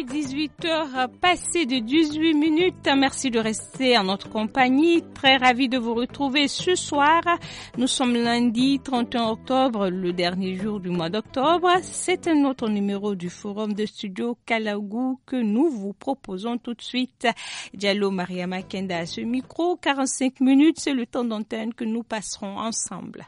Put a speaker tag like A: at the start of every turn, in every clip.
A: 18h passé de 18 minutes. Merci de rester en notre compagnie. Très ravi de vous retrouver ce soir. Nous sommes lundi 31 octobre, le dernier jour du mois d'octobre. C'est un autre numéro du forum de studio Kalagou que nous vous proposons tout de suite. Diallo Maria Makenda à ce micro. 45 minutes, c'est le temps d'antenne que nous passerons ensemble.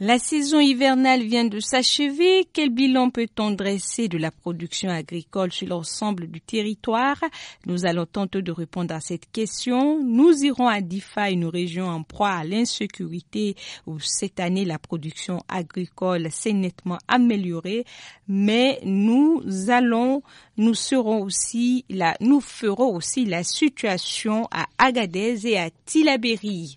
A: La saison hivernale vient de s'achever. Quel bilan peut-on dresser de la production agricole sur l'ensemble du territoire Nous allons tenter de répondre à cette question. Nous irons à Difa, une région en proie à l'insécurité où cette année la production agricole s'est nettement améliorée, mais nous allons, nous serons aussi nous ferons aussi la situation à Agadez et à Tilabéry.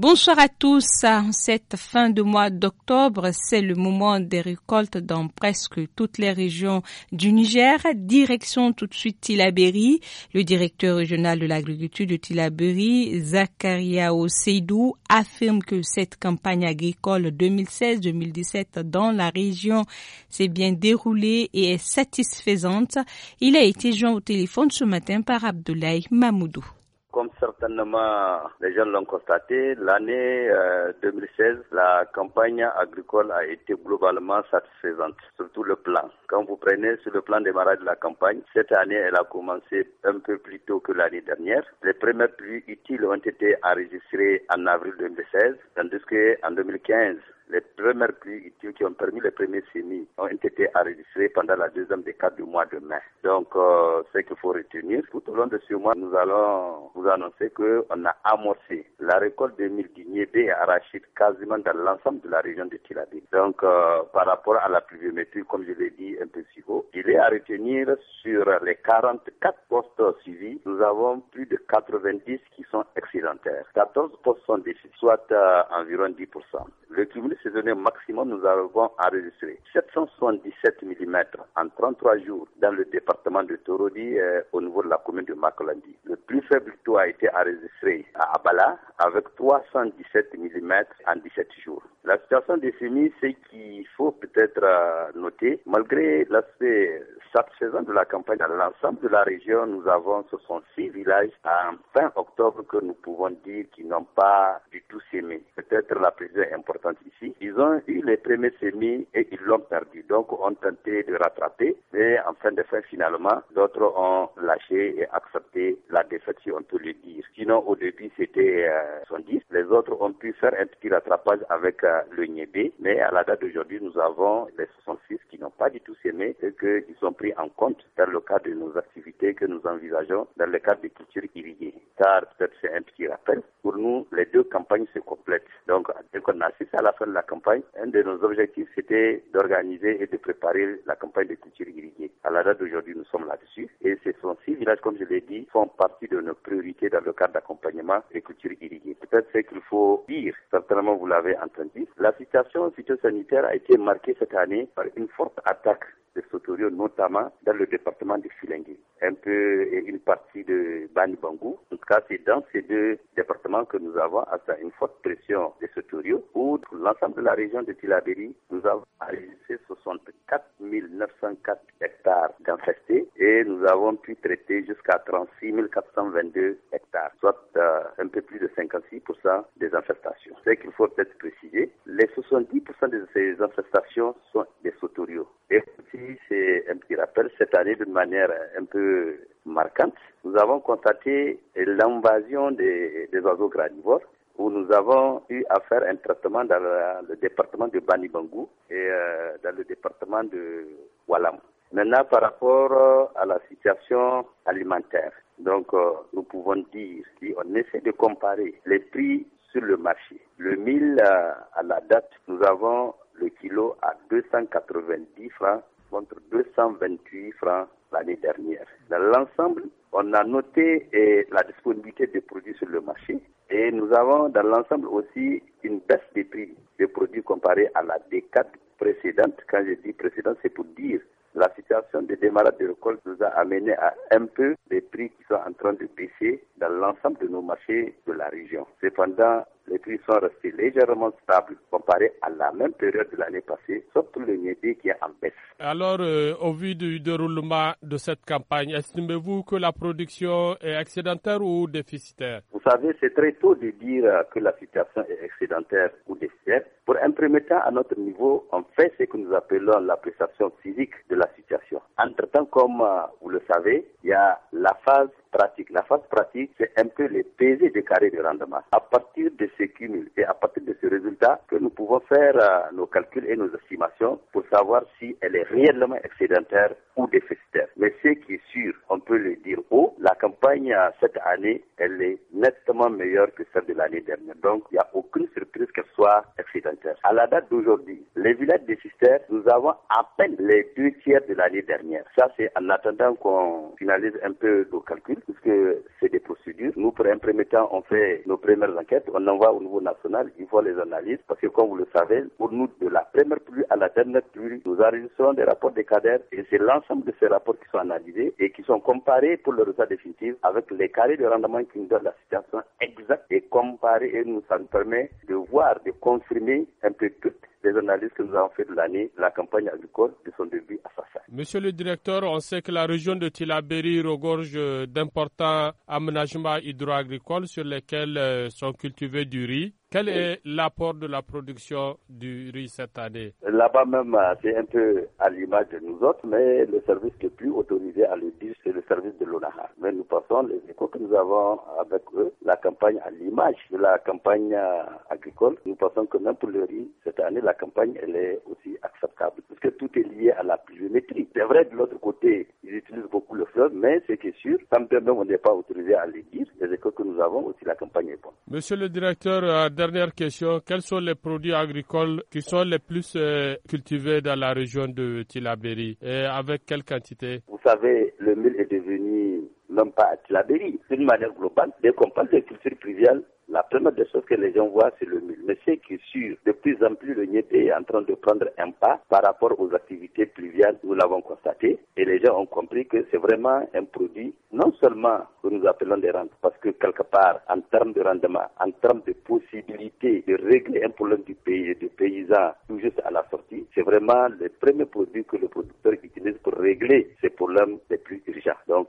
A: Bonsoir à tous. cette fin de mois d'octobre, c'est le moment des récoltes dans presque toutes les régions du Niger. Direction tout de suite Tilaberi. Le directeur régional de l'agriculture de Tilaberi, Zakaria Oseidou, affirme que cette campagne agricole 2016-2017 dans la région s'est bien déroulée et est satisfaisante. Il a été joint au téléphone ce matin par Abdoulaye Mamoudou.
B: Comme certainement les gens l'ont constaté, l'année 2016, euh, la campagne agricole a été globalement satisfaisante, surtout le plan. Quand vous prenez sur le plan démarrage de la campagne, cette année, elle a commencé un peu plus tôt que l'année dernière. Les premières pluies utiles ont été enregistrées en avril 2016, tandis qu'en 2015, les premières pluies qui ont permis les premiers semis ont été enregistrées pendant la deuxième décade du mois de mai. Donc, euh, ce qu'il faut retenir. Tout au long de ce mois, nous allons vous annoncer qu'on a amorcé la récolte de mille guignées et quasiment dans l'ensemble de la région de Tilabé. Donc, euh, par rapport à la pluviométrie, comme je l'ai dit un peu si haut, il est à retenir sur les 44 postes suivis, nous avons plus de 90 qui sont excédentaires. 14 postes sont déficits, soit euh, environ 10%. Le données maximum, nous avons enregistré 777 mm en 33 jours dans le département de Torodi euh, au niveau de la commune de Makolandi. Le plus faible taux a été enregistré à Abala avec 317 mm en 17 jours. La situation des semis, c'est qu'il faut peut-être euh, noter, malgré l'aspect satisfaisant de la campagne dans l'ensemble de la région, nous avons 66 villages en fin octobre que nous pouvons dire qu'ils n'ont pas du tout sémé. Peut-être la précision importante ici. Ils ont eu les premiers semis et ils l'ont perdu. Donc, ont tenté de rattraper, mais en fin de fin, finalement, d'autres ont lâché et accepté la défection, si on peut le dire. Sinon, au début, c'était 70. Euh, les autres ont pu faire un petit rattrapage avec euh, le Niébé, mais à la date d'aujourd'hui, nous avons les 66 qui n'ont pas du tout semé et qui sont pris en compte dans le cadre de nos activités que nous envisageons dans le cadre des cultures irriguées. Car, peut-être, c'est un petit rappel. Pour nous, les deux campagnes se complètent. Donc, dès qu'on assiste à la fin de campagne, un de nos objectifs, c'était d'organiser et de préparer la campagne de culture irriguée. À la date d'aujourd'hui, nous sommes là-dessus. Et ces 6 villages, comme je l'ai dit, font partie de nos priorités dans le cadre d'accompagnement des cultures irriguées. Peut-être ce qu'il faut dire, certainement vous l'avez entendu, la situation sanitaire a été marquée cette année par une forte attaque de Sotorio, notamment dans le département de Filengui, un peu et une partie de Bani Bangou. En tout cas, c'est dans ces deux départements que nous avons atteint une forte pression de Sotorio, où l'ensemble de la région de Tilaberi, nous avons enregistré 64 904 hectares d'infestés et nous avons pu traiter jusqu'à 36 422 hectares, soit euh, un peu plus de 56% des infestations. C'est qu'il faut peut-être préciser, les 70% de ces infestations sont des Sotorio. Et si c'est un petit rappel, cette année d'une manière un peu marquante, nous avons constaté l'invasion des, oiseaux granivores où nous avons eu à faire un traitement dans le, département de Banibangou et euh, dans le département de Walam. Maintenant, par rapport euh, à la situation alimentaire, donc euh, nous pouvons dire, si on essaie de comparer les prix sur le marché, le 1000 à la date, nous avons le kilo à 290 francs contre 228 francs l'année dernière. Dans l'ensemble, on a noté eh, la disponibilité des produits sur le marché et nous avons dans l'ensemble aussi une baisse des prix des produits comparés à la décade précédente. Quand je dis précédente, c'est pour dire la situation des démarrages de récolte nous a amené à un peu des prix qui sont en train de baisser dans l'ensemble de nos marchés de la région. Cependant, les prix sont restés légèrement stables comparés à la même période de l'année passée, sauf pour le niébé qui est
C: en baisse. Alors, euh, au vu du déroulement de cette campagne, estimez-vous que la production est excédentaire ou déficitaire
B: Vous savez, c'est très tôt de dire que la situation est excédentaire ou déficitaire. Pour un premier temps, à notre niveau, on fait ce que nous appelons l'appréciation physique de la situation. Entre-temps, comme euh, vous le savez, il y a la phase pratique. La phase pratique, c'est un peu le PV des carrés de rendement. À partir de ces cumul et à partir de ces résultats que nous pouvons faire euh, nos calculs et nos estimations pour savoir si elle est réellement excédentaire ou déficitaire. Mais ce qui est sûr, on peut le dire haut, la campagne euh, cette année, elle est nettement meilleure que celle de l'année dernière. Donc, il n'y a aucune surprise qu'elle soit excédentaire. À la date d'aujourd'hui, les villages déficitaires, nous avons à peine les deux tiers de l'année dernière. Ça, c'est en attendant qu'on finalise un peu nos calculs puisque c'est des procédures. Nous, pour un premier temps, on fait nos premières enquêtes, on envoie au niveau national, il font les analyses, parce que comme vous le savez, pour nous, de la première pluie à la dernière pluie, nous enregistrons des rapports des cadres, et c'est l'ensemble de ces rapports qui sont analysés et qui sont comparés pour le résultat définitif avec les carrés de rendement qui nous donnent la situation exacte et comparés, et nous, ça nous permet de voir, de confirmer un peu tout les analyses que nous avons faites de l'année, la campagne agricole
C: de son début à Monsieur le directeur, on sait que la région de Tilaberi regorge d'importants aménagements hydroagricoles sur lesquels euh, sont cultivés du riz. Quel est l'apport de la production du riz cette année
B: Là-bas même, euh, c'est un peu à l'image de nous autres, mais le service est plus autorisé à le dire, c'est le service de l'ONAHA. Mais nous passons les échos que nous avons avec eux, la campagne à l'image de la campagne euh, agricole. Nous pensons que même pour le riz, cette année, la campagne, elle est aussi acceptable, parce que tout est lié à la pluviométrie. C'est vrai, de l'autre côté, ils utilisent beaucoup le fleuve, mais c'est qui sûr, ça me permet on n'est pas autorisé à le dire, les écoles que nous avons aussi la campagne est
C: Monsieur le directeur, euh, dernière question, quels sont les produits agricoles qui sont les plus euh, cultivés dans la région de Tilaberi et avec quelle quantité
B: Vous savez, le mille est devenu, non pas à Tilaberi, d'une manière globale, des qu'on parle de culture la première des choses que les gens voient, c'est le mille. Mais c'est qui sur sûr, de plus en plus, le nid est en train de prendre un pas par rapport aux activités pluviales, nous l'avons constaté. Et les gens ont compris que c'est vraiment un produit, non seulement que nous appelons des rentes, parce que quelque part, en termes de rendement, en termes de possibilité de régler un problème du pays et du paysan tout juste à la sortie, c'est vraiment le premier produit que le producteur utilise pour régler ses problèmes les plus urgents. Donc,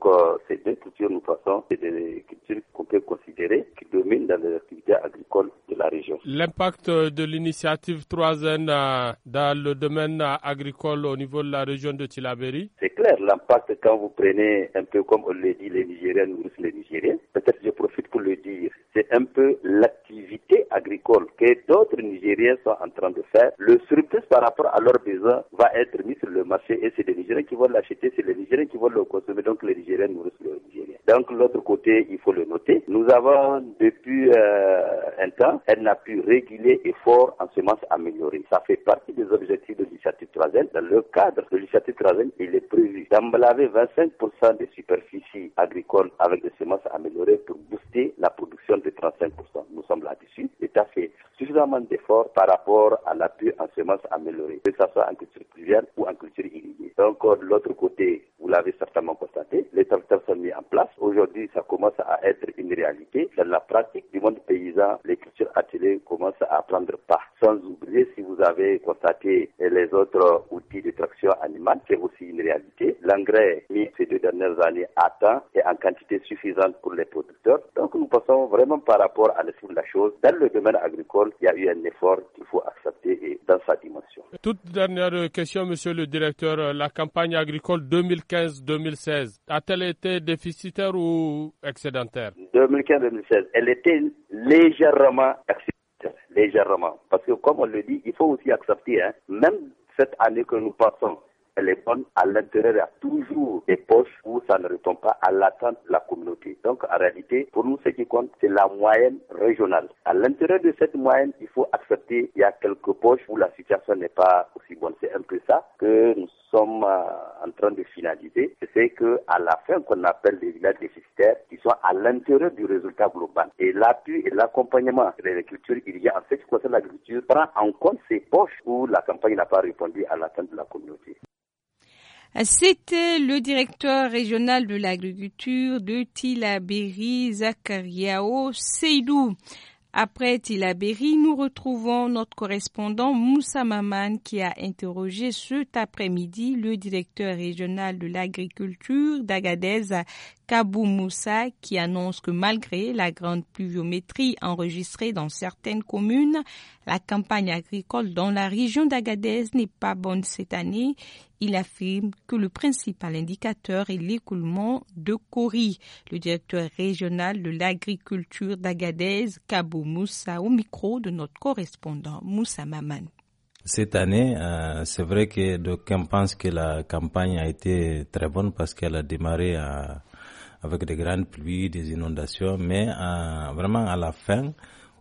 B: c'est euh, ces deux cultures, nous passons, c'est des cultures qu'on peut considérer qui domine dans les activités agricoles de la région.
C: L'impact de l'initiative 3N euh, dans le domaine euh, agricole au niveau de la région de Tilaberi
B: C'est clair, l'impact quand vous prenez un peu comme on le dit, les Nigériens nourrissent les Nigériens. Peut-être je profite pour le dire, c'est un peu l'activité agricole que d'autres Nigériens sont en train de faire. Le surplus par rapport à leurs besoins va être mis sur le marché et c'est les Nigériens qui vont l'acheter, c'est les Nigériens qui vont le consommer, donc les Nigériens nourrissent Nigériens. Donc l'autre côté, il faut le noter. Nous avons depuis euh, un temps un appui pu et fort en semences améliorées. Ça fait partie des objectifs de l'initiative 3 Dans le cadre de l'initiative 3 il est prévu d'emblaver 25% des superficies agricoles avec des semences améliorées pour booster la production de 35%. Nous sommes là-dessus. L'État fait suffisamment d'efforts par rapport à l'appui en semences améliorées, que ce soit en culture pluviale ou en culture irriguée. encore de l'autre côté, l'avez certainement constaté, les tracteurs sont mis en place. Aujourd'hui, ça commence à être une réalité. Dans la pratique du monde paysan, l'écriture atelier commence à prendre part. Sans oublier, si vous avez constaté les autres outils de traction animale, c'est aussi une réalité. L'engrais mis ces deux dernières années à temps et en quantité suffisante pour les producteurs. Donc, nous pensons vraiment par rapport à l'esprit de la chose. Dans le domaine agricole, il y a eu un effort qu'il faut accepter et dans sa
C: toute dernière question, monsieur le directeur. La campagne agricole 2015-2016 a-t-elle été déficitaire ou excédentaire
B: 2015-2016, elle était légèrement excédentaire. Légèrement. Parce que, comme on le dit, il faut aussi accepter, hein, même cette année que nous passons, elle est bonne à l'intérieur. Il y a toujours des poches où ça ne répond pas à l'attente de la communauté. Donc, en réalité, pour nous, ce qui compte, c'est la moyenne régionale. À l'intérieur de cette moyenne, il faut accepter qu'il y a quelques poches où la situation n'est pas aussi bonne. C'est un peu ça que nous sommes euh, en train de finaliser. C'est que à la fin qu'on appelle les villages déficitaires, qui sont à l'intérieur du résultat global. Et l'appui et l'accompagnement de l'agriculture, il y a en ce qui concerne l'agriculture, prend en compte ces poches où la campagne n'a pas répondu à l'attente de la communauté.
A: C'était le directeur régional de l'agriculture de Tilabéry, Zakariao Seydou. Après Tilabéry, nous retrouvons notre correspondant Moussa Maman qui a interrogé cet après-midi le directeur régional de l'agriculture d'Agadez, Kabou Moussa qui annonce que malgré la grande pluviométrie enregistrée dans certaines communes, la campagne agricole dans la région d'Agadez n'est pas bonne cette année. Il affirme que le principal indicateur est l'écoulement de Cori. Le directeur régional de l'agriculture d'Agadez, Kabou Moussa, au micro de notre correspondant Moussa Maman.
D: Cette année, euh, c'est vrai que d'aucuns pense que la campagne a été très bonne parce qu'elle a démarré à avec des grandes pluies, des inondations, mais euh, vraiment à la fin,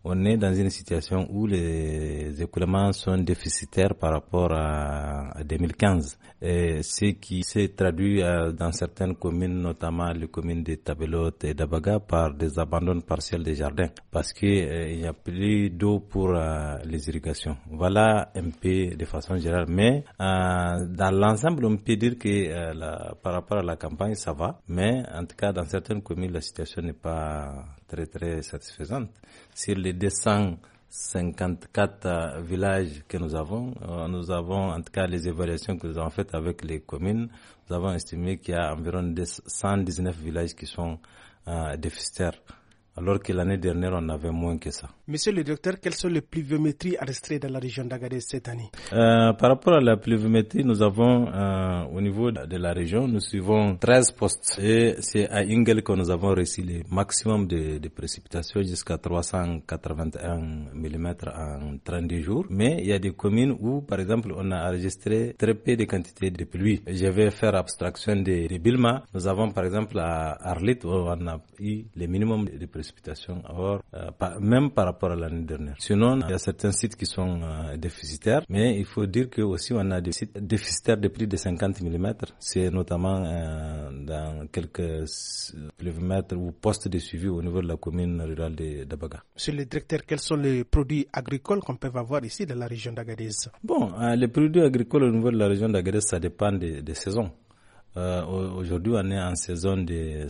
D: on est dans une situation où les écoulements sont déficitaires par rapport à 2015, et ce qui s'est traduit euh, dans certaines communes, notamment les communes de Tabelote et d'Abaga, par des abandons partiels des jardins, parce qu'il euh, n'y a plus d'eau pour euh, les irrigations. Voilà un de façon générale, mais dans l'ensemble, on peut dire que par rapport à la campagne, ça va, mais en tout cas, dans certaines communes, la situation n'est pas très très satisfaisante. Sur les 254 euh, villages que nous avons, euh, nous avons en tout cas les évaluations que nous avons faites avec les communes, nous avons estimé qu'il y a environ 119 villages qui sont euh, déficitaires, alors que l'année dernière on avait moins que ça. Monsieur le docteur, quelles sont les pluviométries enregistrées dans la région d'Agadez cette année euh, Par rapport à la pluviométrie, nous avons euh, au niveau de la région, nous suivons 13 postes et c'est à Ingel que nous avons reçu le maximum de, précipitations jusqu'à 381 mm en 32 jours. Mais il y a des communes où, par exemple, on a enregistré très peu de quantité de pluie. Je vais faire abstraction des Bilma. Nous avons, par exemple, à Arlit, où on a eu le minimum de précipitations. Or, euh, même par rapport rapport à l'année dernière. Sinon, il y a certains sites qui sont euh, déficitaires, mais il faut dire que aussi on a des sites déficitaires de plus de 50 mm. C'est notamment euh, dans quelques kilomètres euh, ou postes de suivi au niveau de la commune rurale d'Abaga. Monsieur le directeur, quels sont les produits agricoles qu'on peut avoir ici dans la région d'Agadez Bon, les produits agricoles au niveau de la région d'Agadez, ça dépend des, saisons. Aujourd'hui, on est en saison de,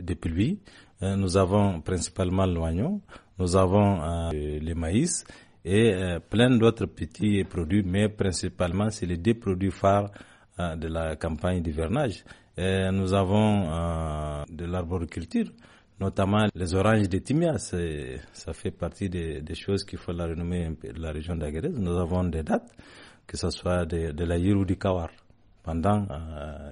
D: de pluie. nous avons principalement l'oignon. Nous avons euh, le maïs et euh, plein d'autres petits produits, mais principalement, c'est les deux produits phares euh, de la campagne d'hivernage. Nous avons de l'arboriculture, notamment les oranges de Timia. Ça fait partie des, choses qu'il faut la renommer de la région d'Agadez. Nous avons des dates, que ce soit de, de la ou du Kawar, pendant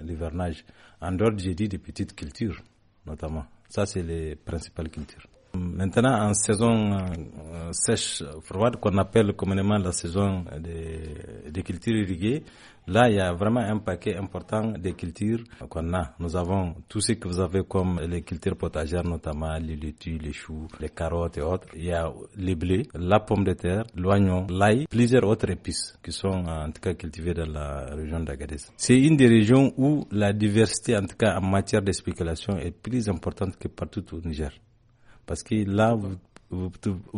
D: l'hivernage. En dehors, j'ai dit des petites cultures, notamment. Ça, c'est les principales cultures. Maintenant, en saison euh, sèche, froide, qu'on appelle communément la saison des, cultures irriguées, là, il y a vraiment un paquet important des cultures qu'on a. Nous avons tout ce que vous avez comme les cultures potagères, notamment les laitues, les choux, les carottes et autres. Il y a les blés, la pomme de terre, l'oignon, l'ail, plusieurs autres épices qui sont en tout cas cultivées dans la région d'Agadez. C'est une des régions où la diversité, en tout cas en matière de spéculation, est plus importante que partout au Niger. Parce que là, vous,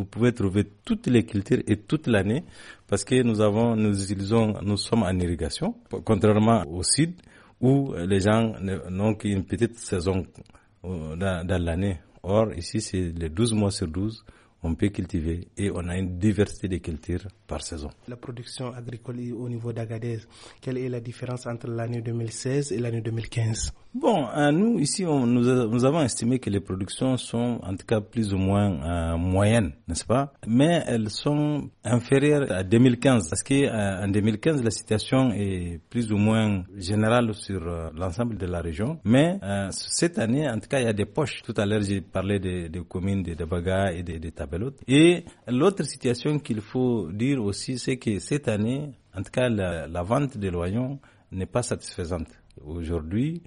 D: pouvez trouver toutes les cultures et toute l'année parce que nous avons, nous utilisons, nous sommes en irrigation, contrairement au sud où les gens n'ont qu'une petite saison euh, dans, l'année. Or, ici, c'est les 12 mois sur 12, on peut cultiver et on a une diversité de cultures par saison. La production agricole au niveau d'Agadez, quelle est la différence entre l'année 2016 et l'année 2015 Bon, euh, nous ici, on, euh, nous, avons estimé que les productions sont en tout cas plus ou moins euh, moyennes, n'est-ce pas Mais elles sont inférieures à 2015 parce qu'en 2015 la situation est plus ou moins générale sur l'ensemble de la région. Mais cette année, en tout cas, il y a des poches. Tout à l'heure, j'ai parlé des, communes de Dabaga et des de Tabelot. Et l'autre situation qu'il faut dire aussi, c'est que cette année, en tout cas, la, vente de l'oignon n'est pas satisfaisante. Aujourd'hui,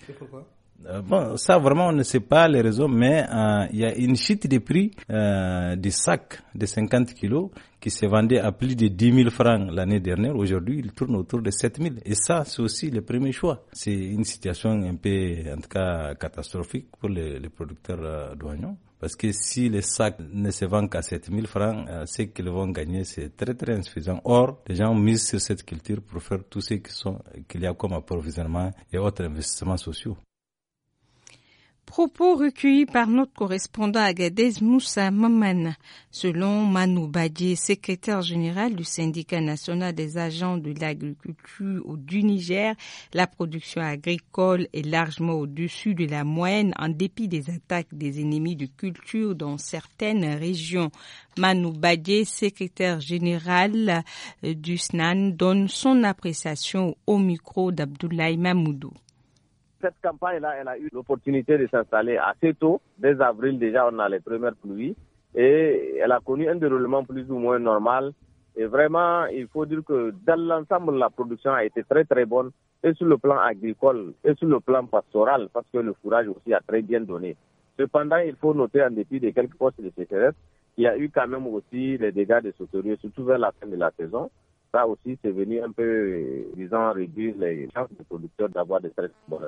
D: euh, bon, ça vraiment on ne sait pas les raisons, mais euh, il y a une chute des prix euh, des sacs de 50 kilos qui se vendait à plus de 10 000 francs l'année dernière. Aujourd'hui, il tourne autour de 7 000. Et ça, c'est aussi le premier choix. C'est une situation un peu, en tout cas, catastrophique pour les, les producteurs euh, d'oignons. Parce que si les sacs ne se vendent qu'à 7000 francs, euh, ce qu'ils vont gagner, c'est très très insuffisant. Or, les gens misent sur cette culture pour faire tout ce qu'il y a comme approvisionnement et autres investissements sociaux.
A: Propos recueillis par notre correspondant à Moussa Mamane. Selon Manou Badier, secrétaire général du syndicat national des agents de l'agriculture du Niger, la production agricole est largement au-dessus de la moyenne en dépit des attaques des ennemis de culture dans certaines régions. Manou Badier, secrétaire général euh, du SNAN, donne son appréciation au micro d'Abdoulaye Mamoudou.
E: Cette campagne-là, elle a eu l'opportunité de s'installer assez tôt. Dès avril, déjà, on a les premières pluies. Et elle a connu un déroulement plus ou moins normal. Et vraiment, il faut dire que dans l'ensemble, la production a été très, très bonne. Et sur le plan agricole, et sur le plan pastoral, parce que le fourrage aussi a très bien donné. Cependant, il faut noter, en dépit de quelques postes de sécheresse, qu'il y a eu quand même aussi les dégâts de sauterie, surtout vers la fin de la saison ça aussi, c'est venu un peu, euh, disons, réduire les chances des producteurs d'avoir des stress dans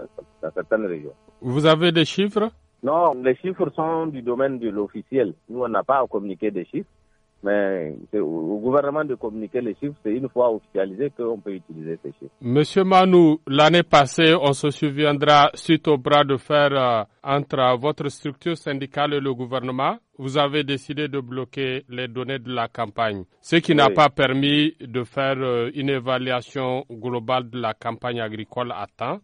E: certaines régions.
C: Vous avez des chiffres
E: non, les chiffres sont du domaine de l'officiel. Nous, on n'a pas à communiquer des chiffres. Mais au gouvernement de communiquer les chiffres, c'est une fois officialisé qu'on peut utiliser ces chiffres.
C: Monsieur Manou, l'année passée, on se souviendra suite au bras de fer euh, entre votre structure syndicale et le gouvernement. Vous avez décidé de bloquer les données de la campagne, ce qui n'a pas permis de faire euh, une évaluation globale de la campagne agricole à temps.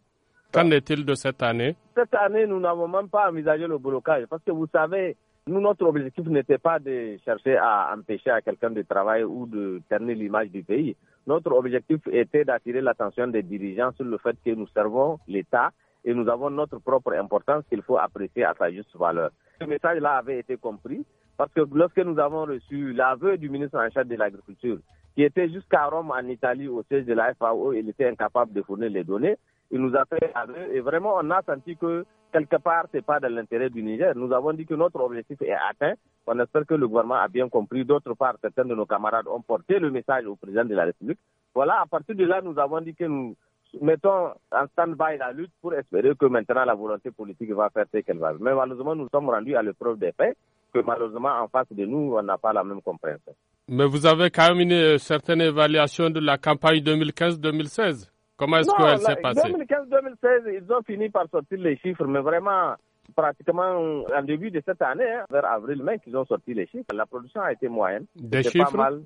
C: Qu'en ah. est-il de cette année
E: Cette année, nous n'avons même pas envisagé le blocage parce que vous savez, nous, notre objectif n'était pas de chercher à empêcher à quelqu'un de travailler ou de ternir l'image du pays. Notre objectif était d'attirer l'attention des dirigeants sur le fait que nous servons l'État et nous avons notre propre importance qu'il faut apprécier à sa juste valeur. Ce message-là avait été compris parce que lorsque nous avons reçu l'aveu du ministre en charge de l'agriculture, qui était jusqu'à Rome en Italie au siège de la FAO, il était incapable de fournir les données. Il nous a fait aveu et vraiment on a senti que quelque part, ce n'est pas dans l'intérêt du Niger. Nous avons dit que notre objectif est atteint. On espère que le gouvernement a bien compris. D'autre part, certains de nos camarades ont porté le message au président de la République. Voilà, à partir de là, nous avons dit que nous mettons en stand-by la lutte pour espérer que maintenant la volonté politique va faire ce qu'elle va. Mais malheureusement, nous sommes rendus à l'épreuve des faits, que malheureusement, en face de nous, on n'a pas la même compréhension.
C: Mais vous avez quand même une euh, certaine évaluation de la campagne 2015-2016 Comment est-ce qu'elle s'est passée
E: 2015-2016, ils ont fini par sortir les chiffres, mais vraiment, pratiquement en début de cette année, hein, vers avril-mai, qu'ils ont sorti les chiffres. La production a été moyenne. Des chiffres pas mal.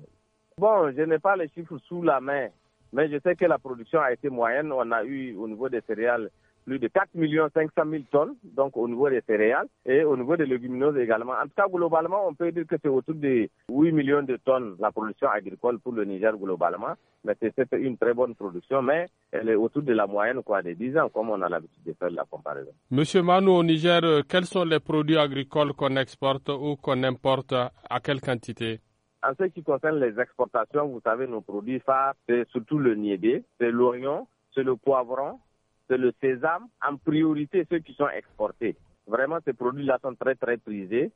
E: Bon, je n'ai pas les chiffres sous la main, mais je sais que la production a été moyenne. On a eu au niveau des céréales plus de 4 500 000 tonnes, donc au niveau des céréales et au niveau des légumineuses également. En tout cas, globalement, on peut dire que c'est autour de 8 millions de tonnes la production agricole pour le Niger globalement. Mais c'est une très bonne production, mais elle est autour de la moyenne quoi, des 10 ans, comme on a l'habitude de faire la comparaison.
C: Monsieur Manu, au Niger, euh, quels sont les produits agricoles qu'on exporte ou qu'on importe à quelle quantité
E: en ce qui concerne les exportations, vous savez, nos produits phares, c'est surtout le niébé, c'est l'oignon, c'est le poivron, c'est le sésame, en priorité ceux qui sont exportés. Vraiment, ces produits-là sont très, très prisés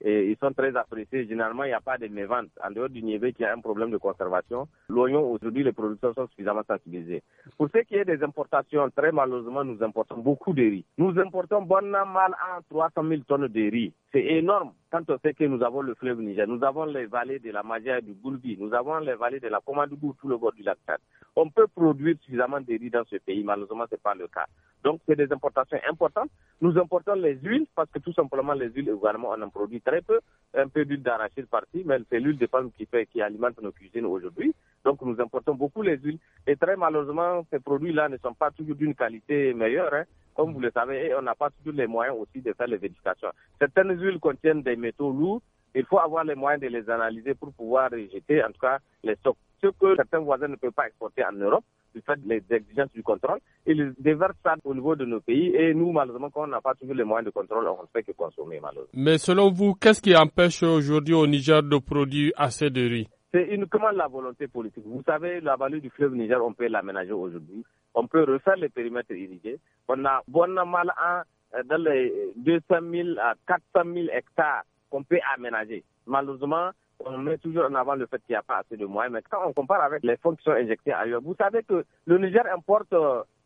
E: et ils sont très appréciés. Généralement, il n'y a pas de mévente. En dehors du niévé qui a un problème de conservation, l'oignon, aujourd'hui, les producteurs sont suffisamment sensibilisés. Pour ce qui est des importations, très malheureusement, nous importons beaucoup de riz. Nous importons bon an, mal an 300 000 tonnes de riz. C'est énorme quand on sait que nous avons le fleuve Niger, nous avons les vallées de la Magia et du Goulbi, nous avons les vallées de la Comadougou, tout le bord du lac Tchad. On peut produire suffisamment de riz dans ce pays, malheureusement, ce n'est pas le cas. Donc, c'est des importations importantes. Nous importons les huiles parce que tout simplement, les huiles, également, on en produit très peu. Un peu d'huile d'arachide partie, mais c'est l'huile de palme qui, fait, qui alimente nos cuisines aujourd'hui. Donc, nous importons beaucoup les huiles. Et très malheureusement, ces produits-là ne sont pas toujours d'une qualité meilleure. Hein. Comme vous le savez, on n'a pas tous les moyens aussi de faire les éducations. Certaines huiles contiennent des métaux lourds. Il faut avoir les moyens de les analyser pour pouvoir rejeter, en tout cas, les stocks. Ce que certains voisins ne peuvent pas exporter en Europe, du fait des exigences du contrôle, ils déversent ça au niveau de nos pays. Et nous, malheureusement, quand on n'a pas toujours les moyens de contrôle, on ne fait que consommer, malheureusement.
C: Mais selon vous, qu'est-ce qui empêche aujourd'hui au Niger de produire assez de riz
E: c'est uniquement la volonté politique. Vous savez, la vallée du fleuve Niger, on peut l'aménager aujourd'hui on peut refaire les périmètres irrigés. On a bon mal à dans les 200 000 à 400 000 hectares qu'on peut aménager. Malheureusement, on met toujours en avant le fait qu'il n'y a pas assez de moyens. Mais quand on compare avec les fonds qui sont injectés ailleurs, vous savez que le Niger importe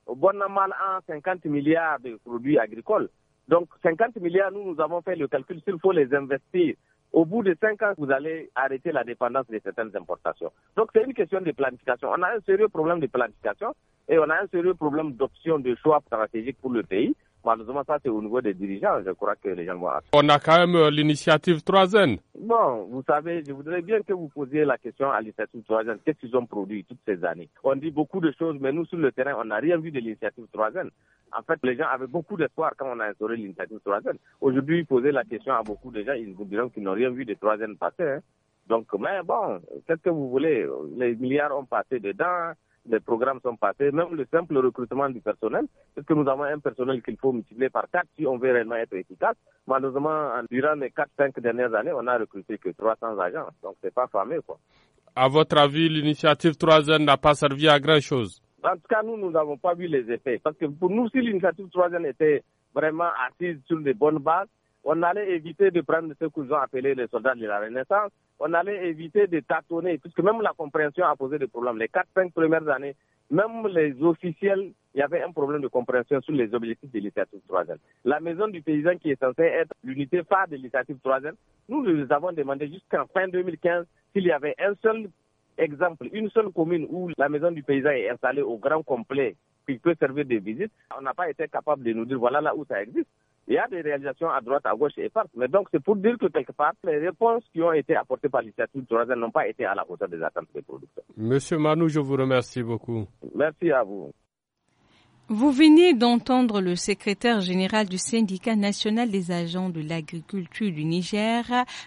E: bon mal 50 milliards de produits agricoles. Donc 50 milliards, nous, nous avons fait le calcul. S'il faut les investir au bout de cinq ans, vous allez arrêter la dépendance de certaines importations. Donc c'est une question de planification. On a un sérieux problème de planification et on a un sérieux problème d'option de choix stratégique pour le pays. Malheureusement, ça, c'est au niveau des dirigeants. Je crois que les gens vont
C: On a quand même euh, l'initiative 3N
E: Bon, vous savez, je voudrais bien que vous posiez la question à l'initiative 3N, Qu'est-ce qu'ils ont produit toutes ces années On dit beaucoup de choses, mais nous, sur le terrain, on n'a rien vu de l'initiative 3N. En fait, les gens avaient beaucoup d'espoir quand on a instauré l'initiative 3N. Aujourd'hui, poser la question à beaucoup de gens, ils vous diront qu'ils n'ont rien vu de 3N passer. Hein. Donc, mais bon, qu'est-ce que vous voulez Les milliards ont passé dedans les programmes sont passés, même le simple recrutement du personnel, parce que nous avons un personnel qu'il faut multiplier par 4 si on veut réellement être efficace. Malheureusement, durant les 4-5 dernières années, on n'a recruté que 300 agents, donc c'est pas fameux. Quoi.
C: À votre avis, l'initiative 3 n'a pas servi à grand-chose
E: En tout cas, nous, nous n'avons pas vu les effets, parce que pour nous, si l'initiative 3 était vraiment assise sur des bonnes bases, on allait éviter de prendre ce qu'ils ont appelé les soldats de la Renaissance, on allait éviter de tâtonner, puisque même la compréhension a posé des problèmes. Les 4-5 premières années, même les officiels, il y avait un problème de compréhension sur les objectifs de l'initiative 3 La maison du paysan qui est censée être l'unité phare de l'initiative 3 nous nous avons demandé jusqu'en fin 2015 s'il y avait un seul exemple, une seule commune où la maison du paysan est installée au grand complet, qui peut servir de visite. On n'a pas été capable de nous dire voilà là où ça existe. Il y a des réalisations à droite, à gauche et partout. Mais donc, c'est pour dire que quelque part, les réponses qui ont été apportées par l'initiative Troisième n'ont pas été à la hauteur des attentes des producteurs.
C: Monsieur Manou, je vous remercie beaucoup. Merci
E: à vous.
A: Vous venez d'entendre le secrétaire général du syndicat national des agents de l'agriculture du Niger,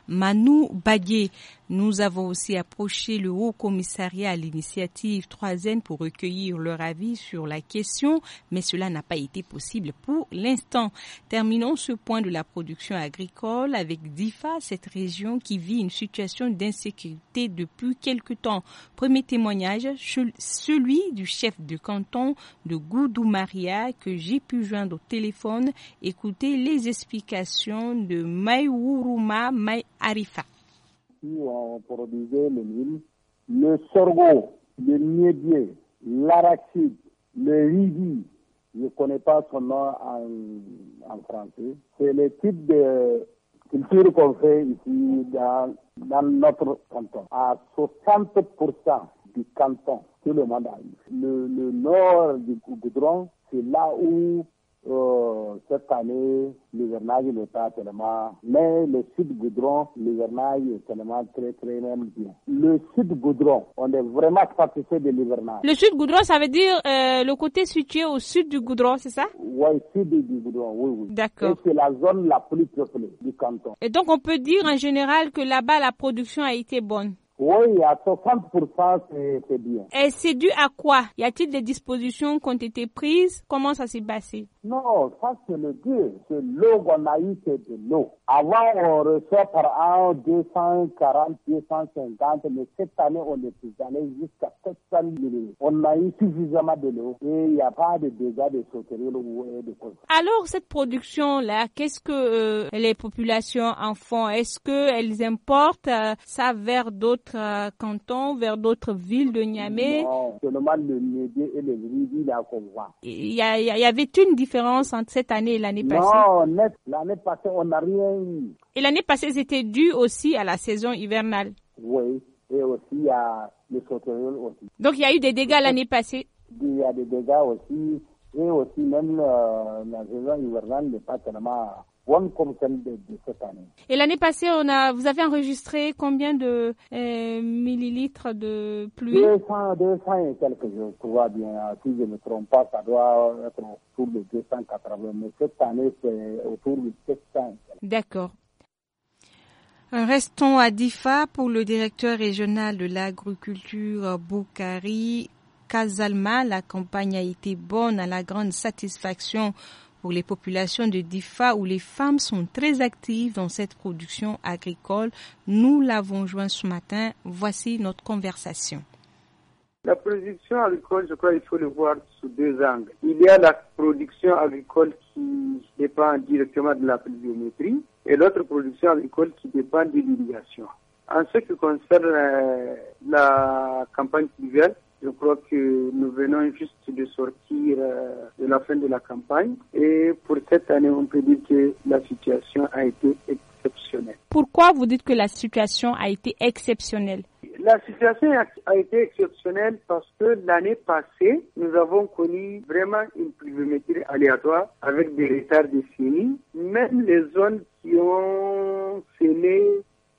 A: Manou Baguet. Nous avons aussi approché le Haut Commissariat à l'initiative 3N pour recueillir leur avis sur la question, mais cela n'a pas été possible pour l'instant. Terminons ce point de la production agricole avec DIFA, cette région qui vit une situation d'insécurité depuis quelque temps. Premier témoignage, celui du chef de canton de Goudou-Maria que j'ai pu joindre au téléphone. écouter les explications de Maïwuruma Maïarifa
F: qui ont produit le mil, le sorgho, le millet, l'arachide, le riz, je ne connais pas son nom en, français. C'est le type de culture qu'on fait ici dans, notre canton. À 60% du canton, c'est le monde Le, le nord du goudron, c'est là où euh, cette année, l'hivernage n'est pas tellement, mais le sud goudron, l'hivernage tellement très très même bien. Le sud goudron, on est vraiment satisfait de l'hivernage. Le
A: sud goudron, ça veut dire euh, le côté situé au sud du goudron, c'est ça
F: Oui, sud du goudron, oui, oui. D'accord. c'est la zone la plus peuplée du canton.
A: Et donc on peut dire en général que là-bas la production a été bonne.
F: Oui, à 60%, c'est bien.
A: Et c'est dû à quoi Y a-t-il des dispositions qui ont été prises Comment ça s'est passé
F: Non, parce que le Dieu. C'est l'eau qu'on a eu, c'est de l'eau. Avant, on reçoit par an 240, 250, mais cette année, on est plus allé jusqu'à 700 000. On a eu suffisamment de l'eau et il n'y a pas de dégâts de sauterelles de quoi.
A: Alors, cette production-là, qu'est-ce que euh, les populations en font Est-ce qu'elles importent euh, ça vers d'autres d'autres euh, cantons, vers d'autres villes de Niamey
F: Non, seulement le et le là,
A: Il y, avait une différence entre cette année et l'année passée Non, l'année passée, on n'a rien eu. Et l'année passée, c'était dû aussi à la saison hivernale Oui, et aussi
F: à les aussi.
A: Donc, il y a eu des dégâts l'année passée
F: Il y a des dégâts aussi, et aussi même euh, la saison hivernale n'est pas tellement
A: et l'année passée, on a, vous avez enregistré combien de euh, millilitres de pluie 200,
F: 200 et quelques, je crois bien. Si je ne me trompe pas, ça doit être autour de 280. Mais cette année, c'est autour de 700.
A: D'accord. Euh, restons à DIFA pour le directeur régional de l'agriculture, Boukari Casalma. La campagne a été bonne à la grande satisfaction pour les populations de Difa où les femmes sont très actives dans cette production agricole. Nous l'avons joint ce matin. Voici notre conversation.
F: La production agricole, je crois qu'il faut le voir sous deux angles. Il y a la production agricole qui dépend directement de la pluviométrie et l'autre production agricole qui dépend de l'irrigation. En ce qui concerne euh, la campagne pluviale, je crois que nous venons juste de sortir euh, de la fin de la campagne et pour cette année, on peut dire que la situation a été exceptionnelle.
A: Pourquoi vous dites que la situation a été exceptionnelle la situation
F: a été exceptionnelle parce que l'année passée, nous avons connu vraiment une pluviométrie aléatoire avec des retards de semis. Même les zones qui ont semé,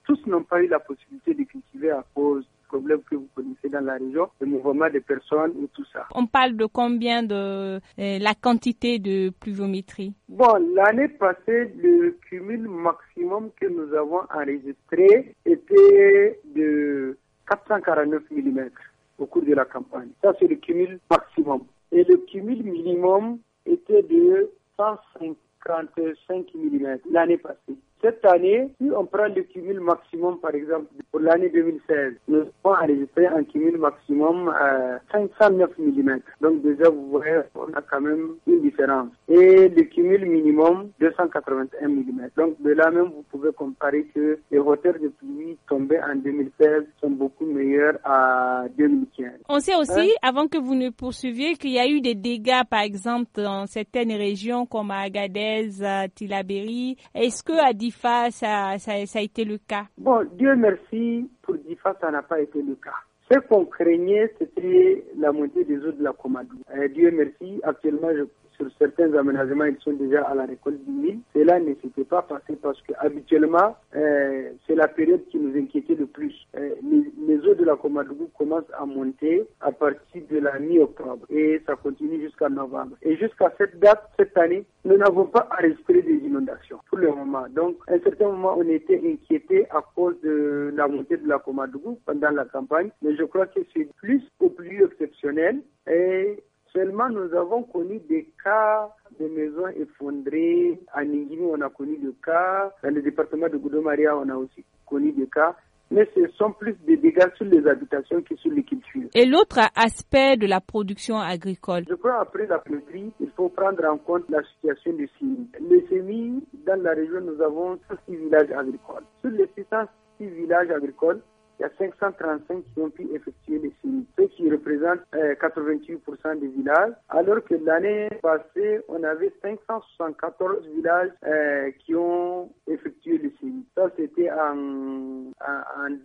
F: tous n'ont pas eu la possibilité de cultiver à cause problèmes que vous connaissez dans la région, le mouvement des personnes et tout ça.
A: On parle de combien de euh, la quantité de pluviométrie Bon, l'année passée, le cumul
F: maximum que nous avons enregistré était de 449 mm au cours de la campagne. Ça, c'est le cumul maximum. Et le cumul minimum était de 155 mm l'année passée. Cette année, si on prend le cumul maximum, par exemple, pour l'année 2016, nous avons enregistré un cumul maximum à 509 mm. Donc déjà, vous voyez, on a quand même une différence. Et le cumul minimum, 281 mm. Donc de là même, vous pouvez comparer que les hauteurs de pluie tombées en 2016 sont beaucoup meilleures à 2015. On sait aussi, hein?
A: avant que vous ne poursuiviez, qu'il y a eu des dégâts, par exemple, dans certaines régions comme à Agadez, à Est-ce que à Difa, ça, ça, a été le cas
F: Bon, Dieu merci, pour Difa, ça n'a pas été le cas. Ce qu'on craignait, c'était la montée des eaux de la Comadou. Euh, Dieu merci, actuellement, je sur certains aménagements ils sont déjà à la récolte du mille. Cela ne s'était pas passé parce que habituellement, euh, c'est la période qui nous inquiétait le plus. Euh, les, eaux de la Comadougou commencent à monter à partir de la mi-octobre et ça continue jusqu'à novembre. Et jusqu'à cette date, cette année, nous n'avons pas à respirer des inondations pour le moment. Donc, à un certain moment, on était inquiété à cause de la montée de la Comadougou pendant la campagne, mais je crois que c'est plus au plus exceptionnel et Seulement, nous avons connu des cas de maisons effondrées. À Ningimi, on a connu des cas. Dans le département de Goudomaria, on a aussi connu des cas. Mais ce sont plus des dégâts sur les habitations
A: que sur les cultures. Et l'autre aspect de la production agricole Je crois après la pluie,
F: il faut prendre en compte la situation du semis. Les semis, dans la région, nous avons 6 villages agricoles. Sur les 606 villages agricoles, il y a 535 qui ont pu effectuer les signes, ce qui représente 88% euh, des villages, alors que l'année passée, on avait 574 villages euh, qui ont effectué les signes. Ça, c'était en,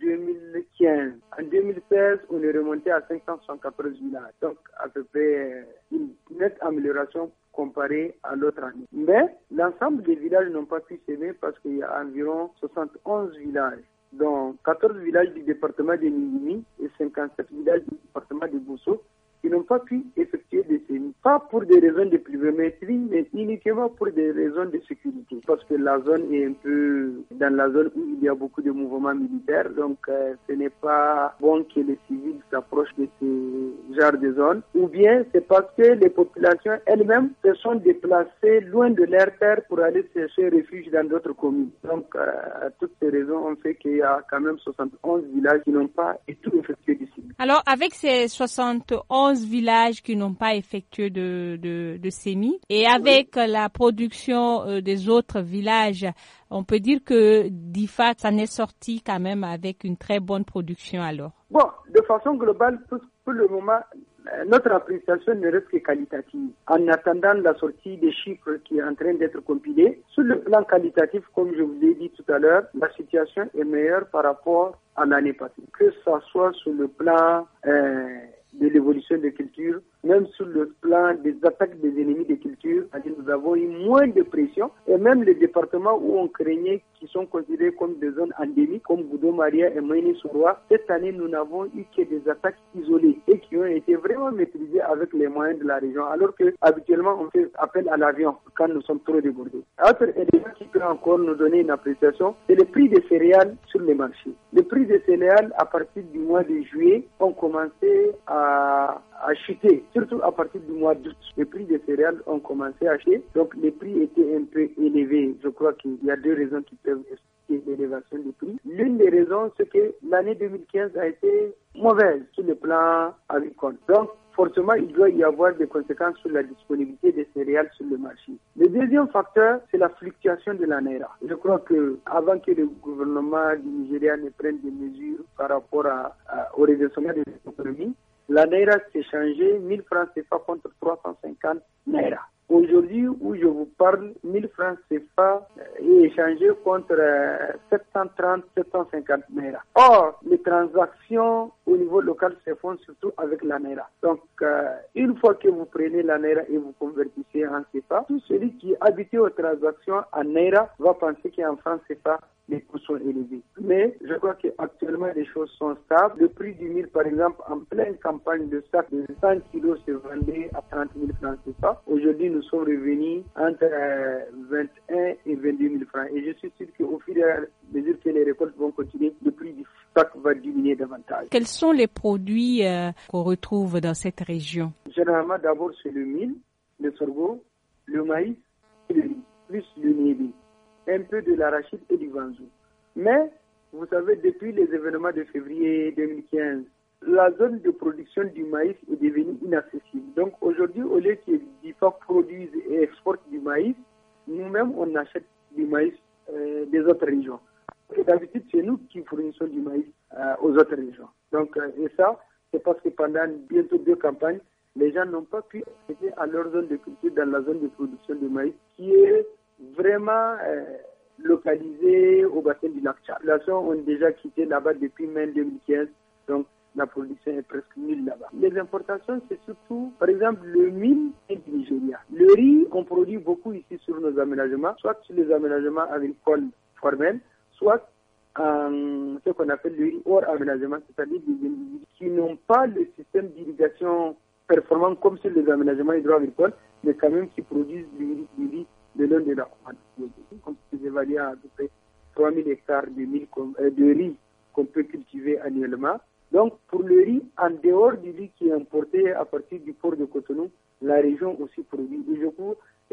F: 2015. En 2016, on est remonté à 574 villages, donc à peu près euh, une nette amélioration comparé à l'autre année. Mais l'ensemble des villages n'ont pas pu s'aimer parce qu'il y a environ 71 villages dans 14 villages du département de Nidimi et 57 villages du département de Bousso ils n'ont pas pu effectuer des séries. Pas pour des raisons de pluviométrie, mais uniquement pour des raisons de sécurité. Parce que la zone est un peu dans la zone où il y a beaucoup de mouvements militaires, donc euh, ce n'est pas bon que les civils s'approchent de ce genre de zone. Ou bien c'est parce que les populations elles-mêmes se sont déplacées loin de leur terre pour aller chercher refuge dans d'autres communes. Donc euh, à toutes ces raisons ont fait qu'il y a quand même 71 villages qui n'ont pas et tout effectué
A: du Alors avec ces 71 villages qui n'ont pas effectué de, de, semis. Et avec la production euh, des autres villages, on peut dire que DIFA s'en est sorti quand même avec une très bonne production alors. Bon,
F: de façon globale, pour, le moment, euh, notre appréciation ne reste que qualitative. En attendant la sortie des chiffres qui est en train d'être compilés, sur le plan qualitatif, comme je vous l'ai dit tout à l'heure, la situation est meilleure par rapport à l'année passée. Que ce soit sur le plan euh, de l'évolution des cultures même sur le plan des attaques des ennemis des cultures, nous avons eu moins de pression et même les départements où on craignait qui sont considérés comme des zones endémiques comme Goudou Maria et Maïni cette année nous n'avons eu que des attaques isolées et qui ont été vraiment maîtrisées avec les moyens de la région alors que habituellement on fait appel à l'avion quand nous sommes trop débordés. Autre élément qui peut encore nous donner une appréciation, c'est le prix des céréales sur les marchés. Les prix des céréales à partir du mois de juillet ont commencé à, à chuter surtout à partir du mois d'août. Les prix des céréales ont commencé à acheter, donc les prix étaient un peu élevés. Je crois qu'il y a deux raisons qui peuvent expliquer l'élévation des prix. L'une des raisons, c'est que l'année 2015 a été mauvaise sur le plan agricole. Donc, forcément, il doit y avoir des conséquences sur la disponibilité des céréales sur le marché. Le deuxième facteur, c'est la fluctuation de la naira. Je crois que avant que le gouvernement du Nigeria ne prenne des mesures par rapport à, au réversement de l'économie, la naira s'est changée 1000 francs CFA contre 350 naira. Aujourd'hui, où je vous parle, 1000 francs CFA euh, est échangé contre 730, euh, 750 naira. Or, les transactions au niveau local se font surtout avec la naira. Donc, euh, une fois que vous prenez la naira et vous convertissez en CFA, tout celui qui est habitué aux transactions en naira va penser qu'en franc CFA, les coûts sont élevés. Mais je crois qu'actuellement, les choses sont stables. Le prix du mille, par exemple, en pleine campagne, de sac de 100 kilos se vendait à 30 000 francs CFA. Aujourd'hui, nous sommes revenus entre 21 euh, et 22 000 francs. Et je suis sûr qu'au fil et à mesure que les récoltes vont continuer, le prix du sac va diminuer davantage. Quels
A: sont les produits euh, qu'on retrouve dans cette région
F: Généralement, d'abord, c'est le mille, le sorgho, le maïs le plus le niébé un peu de l'arachide et du vanjou. Mais, vous savez, depuis les événements de février 2015, la zone de production du maïs est devenue inaccessible. Donc aujourd'hui, au lieu que produisent produise et exporte du maïs, nous-mêmes, on achète du maïs euh, des autres régions. Et D'habitude, c'est nous qui fournissons du maïs euh, aux autres régions. Donc, euh, et ça, c'est parce que pendant bientôt deux campagnes, les gens n'ont pas pu accéder à leur zone de culture dans la zone de production de maïs qui est vraiment euh, localisé au bassin du lac Tchad. Les on ont déjà quitté là-bas depuis mai 2015, donc la production est presque nulle là-bas. Les importations, c'est surtout, par exemple, le mil et Le riz qu'on produit beaucoup ici sur nos aménagements, soit sur les aménagements agricoles formels, soit en ce qu'on appelle le riz hors aménagement, c'est-à-dire des individus qui n'ont pas le système d'irrigation performant comme sur les aménagements hydro-agricoles, mais quand même qui produisent du riz de l'un de la Comme c'est évalué à, à peu près 3000 hectares de, euh, de riz qu'on peut cultiver annuellement. Donc, pour le riz, en dehors du riz qui est importé à partir du port de Cotonou, la région aussi produit. Et je,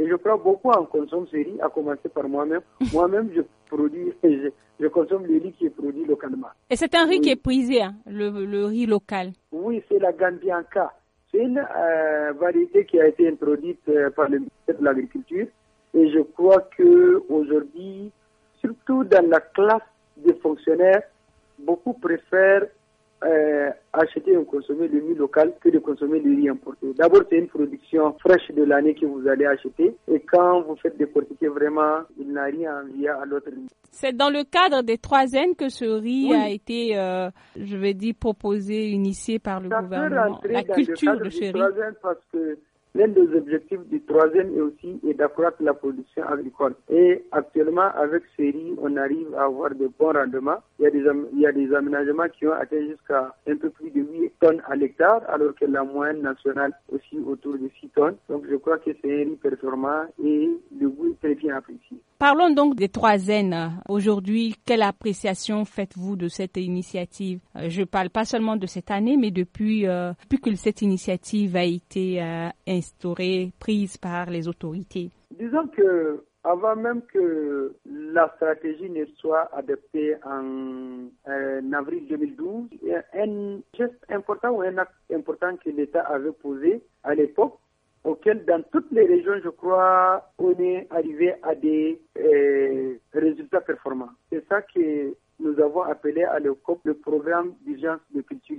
F: et je crois beaucoup en consomme ce riz, à commencer par moi-même. Moi-même, je produis, je, consomme le riz qui est produit localement. Et
A: c'est un riz qui est prisé, hein, le, le, riz local. Oui, c'est la Gambianca. C'est une euh, variété qui a été introduite
F: euh, par le ministère de l'Agriculture et je crois que surtout dans la classe des fonctionnaires, beaucoup préfèrent euh, acheter et consommer le riz local que de consommer le riz importé. D'abord, c'est une production fraîche de l'année que vous allez acheter et quand vous faites des portiques, vraiment, il n'a rien envier à l'autre
A: C'est dans le cadre des trois N que ce riz a été, euh, je vais dire, proposé, initié par le gouvernement. la dans culture de ce riz.
F: Parce que L'un des objectifs du troisième est aussi est d'accroître la production agricole. Et actuellement, avec série, on arrive à avoir de bons rendements. Il y a des, aménagements qui ont atteint jusqu'à un peu plus de 8 tonnes à l'hectare, alors que la moyenne nationale aussi autour de 6 tonnes. Donc je crois que c'est un riz performant et le goût est très bien apprécié.
A: Parlons donc des trois N. Aujourd'hui, quelle appréciation faites-vous de cette initiative euh, Je parle pas seulement de cette année, mais depuis, euh, que cette initiative a été euh, instaurée, prise par les autorités.
F: Disons que avant même que la stratégie ne soit adoptée en, en avril 2012, un geste important ou un acte important que l'État avait posé à l'époque, dans toutes les régions, je crois, on est arrivé à des euh, résultats performants. C'est ça que nous avons appelé à l'ECOP le programme d'urgence de culture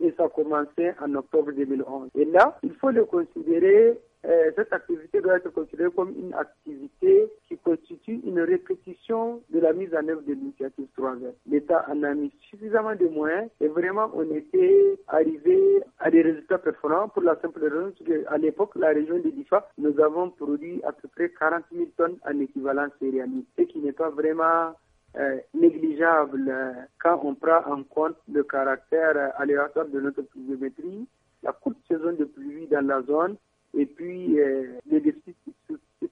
F: Et ça a commencé en octobre 2011. Et là, il faut le considérer euh, cette activité doit être considérée comme une activité qui constitue une répétition de la mise en œuvre de l'initiative 3 L'État en a mis suffisamment de moyens et vraiment on était arrivé à des résultats performants pour la simple raison qu'à l'époque, la région de Difa, nous avons produit à peu près 40 000 tonnes en équivalent céréalier, ce qui n'est pas vraiment euh, négligeable euh, quand on prend en compte le caractère aléatoire de notre pluviométrie, la courte saison de pluie dans la zone et puis les déficits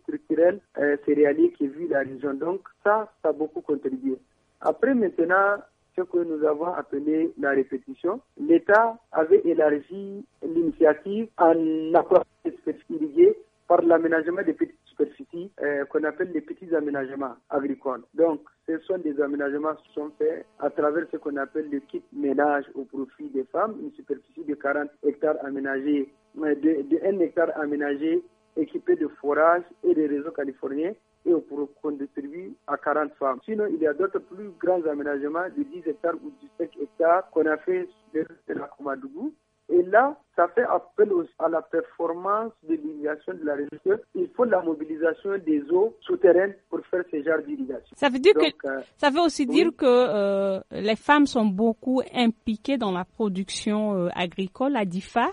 F: structurels euh, euh céréaliers qui vivent la région. Donc ça, ça a beaucoup contribué. Après maintenant, ce que nous avons appelé la répétition, l'État avait élargi l'initiative en approchant des par l'aménagement des petites superficies euh, qu'on appelle les petits aménagements agricoles. Donc, ce sont des aménagements qui sont faits à travers ce qu'on appelle le kit ménage au profit des femmes, une superficie de 40 hectares aménagés de, de hectare aménagé équipé de forages et de réseaux californiens et on pourrait contribuer à 40 femmes. Sinon, il y a d'autres plus grands aménagements de 10 hectares ou 17 hectares qu'on a fait sur la Comadougou. Et là, ça fait appel à la performance de l'irrigation de la région. Il faut la mobilisation des eaux souterraines pour faire ce genre d'irrigation. Ça veut dire que, euh, ça veut aussi dire
A: que euh, les femmes sont beaucoup impliquées dans la production euh, agricole à DIFA.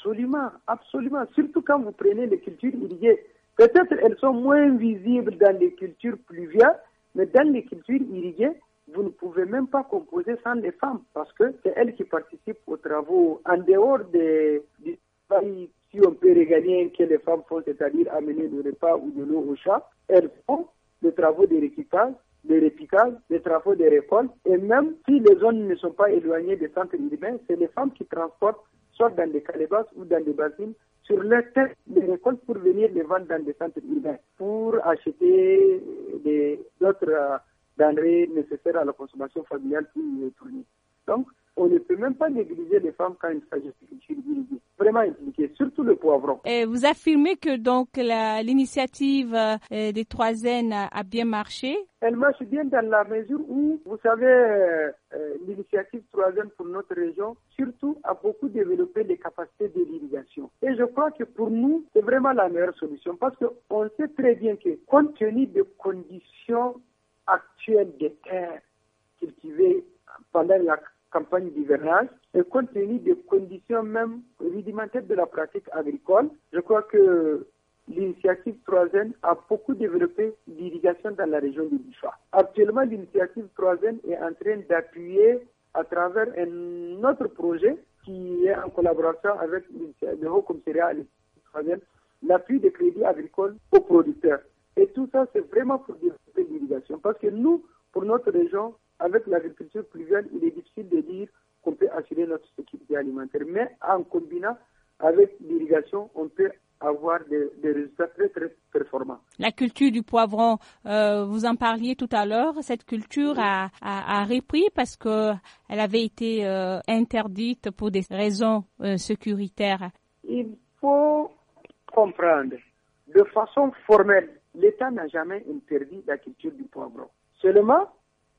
F: Absolument, absolument. Surtout quand vous prenez les cultures irriguées. Peut-être elles sont moins visibles dans les cultures pluviales, mais dans les cultures irriguées, vous ne pouvez même pas composer sans les femmes parce que c'est elles qui participent aux travaux en dehors des, travail, si on peut régaler que les femmes font, c'est-à-dire amener le repas ou de l'eau au chat, elles font les travaux de rééquipage, de les travaux de récolte, et même si les zones ne sont pas éloignées des centres urbains, c'est les femmes qui transportent soit dans des calebasses ou dans des bassines, sur leur tête des récoltes pour venir les vendre dans des centres urbains, pour acheter d'autres euh, denrées nécessaires à la consommation familiale qui est tourner Donc, on ne peut même pas négliger les femmes quand il s'agit de culture Vraiment impliqué. surtout le poivron.
A: Et vous affirmez que donc l'initiative euh, des trois N a, bien marché Elle marche bien dans
F: la mesure où, vous savez, euh, euh, l'initiative trois N pour notre région, surtout, a beaucoup développé les capacités de l'irrigation. Et je crois que pour nous, c'est vraiment la meilleure solution parce qu'on sait très bien que, compte tenu des conditions actuelles des terres cultivées pendant la campagne d'hivernage et compte tenu des conditions même rudimentaires de la pratique agricole, je crois que l'initiative 3N a beaucoup développé l'irrigation dans la région du Bichois. Actuellement, l'initiative 3N est en train d'appuyer à travers un autre projet qui est en collaboration avec le Haut Commissariat à l'initiative 3N, l'appui des crédits agricoles aux producteurs. Et tout ça, c'est vraiment pour développer l'irrigation. Parce que nous, pour notre région, avec l'agriculture pluviale, il est difficile de dire qu'on peut assurer notre sécurité alimentaire. Mais en combinant avec l'irrigation, on peut avoir des, résultats très, très performants.
D: La
A: culture du poivron, euh, vous en parliez tout à l'heure, cette culture a, repris parce qu'elle avait été euh, interdite pour des raisons euh, sécuritaires.
F: Il faut comprendre, de façon formelle, l'État n'a jamais interdit la culture du poivron. Seulement,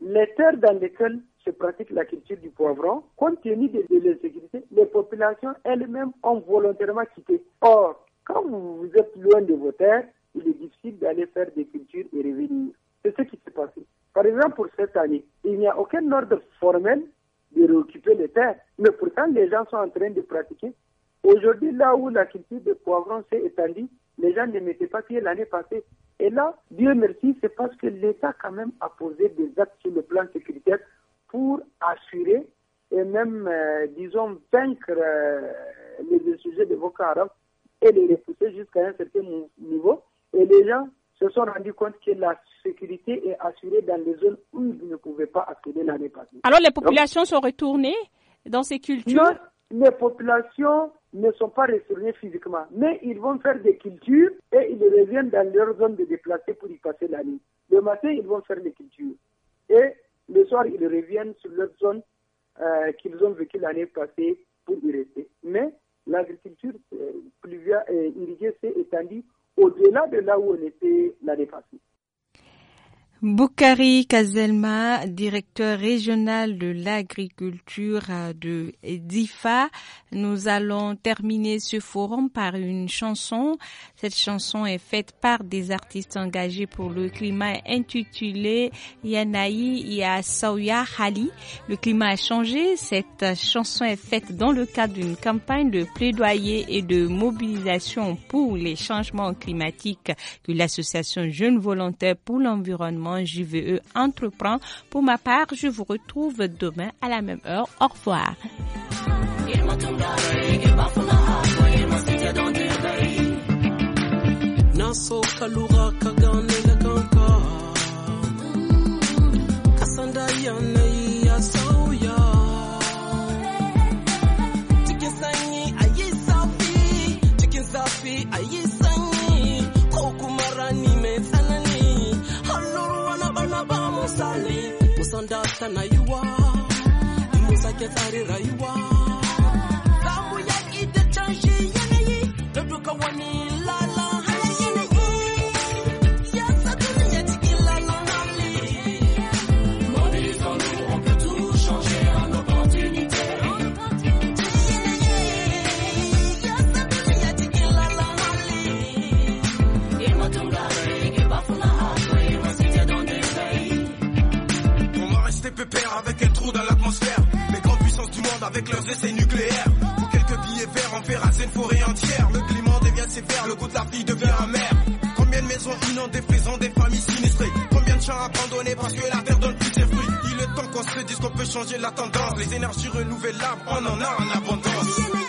F: les terres dans lesquelles se pratique la culture du poivron, compte tenu de, l'insécurité, les populations elles-mêmes ont volontairement quitté. Or, quand vous, êtes loin de vos terres, il est difficile d'aller faire des cultures et revenir. C'est ce qui s'est passé. Par exemple, pour cette année, il n'y a aucun ordre formel de réoccuper les terres, mais pourtant les gens sont en train de pratiquer. Aujourd'hui, là où la culture de poivron s'est étendue, les gens ne mettaient pas pied l'année passée. Et là, Dieu merci, c'est parce que l'État quand même a posé des actes sur le plan sécuritaire pour assurer et même, euh, disons, vaincre euh, les sujets de Boko Haram et les repousser jusqu'à un certain niveau. Et les gens se sont rendus compte que la sécurité est assurée dans les zones où ils ne pouvaient pas accéder l'année passée.
A: Alors les populations sont retournées dans ces cultures
F: les populations ne sont pas retournés physiquement, mais ils vont faire des cultures et ils reviennent dans leur zone de déplacés pour y passer la nuit. Le matin, ils vont faire des cultures et le soir, ils reviennent sur leur zone euh, qu'ils ont vécu l'année passée pour y rester. Mais l'agriculture euh, pluviale et euh, irriguée s'est étendue au-delà de là où on était l'année passée.
A: Boukari Kazelma, directeur régional de l'agriculture de DIFA. Nous allons terminer ce forum par une chanson. Cette chanson est faite par des artistes engagés pour le climat intitulée Yanaï Saouya Hali. Le climat a changé. Cette chanson est faite dans le cadre d'une campagne de plaidoyer et de mobilisation pour les changements climatiques de l'association Jeunes Volontaires pour l'Environnement JVE Entreprend. Pour ma part, je vous retrouve demain à la même heure. Au revoir.
B: ta na sake tsarin rayuwa za mu yaƙi da canshi yanayi da duka wani
D: Mes Les grandes puissances du monde avec leurs essais nucléaires. Pour quelques billets verts, on fait raser une forêt entière. Le climat devient sévère, le goût de la vie devient amer. Combien de maisons inondées présents des familles sinistrées Combien de champs abandonnés parce que la terre donne plus ses fruits Il est temps qu'on se dise qu'on peut changer la tendance. Les énergies renouvelables, on en a en abondance.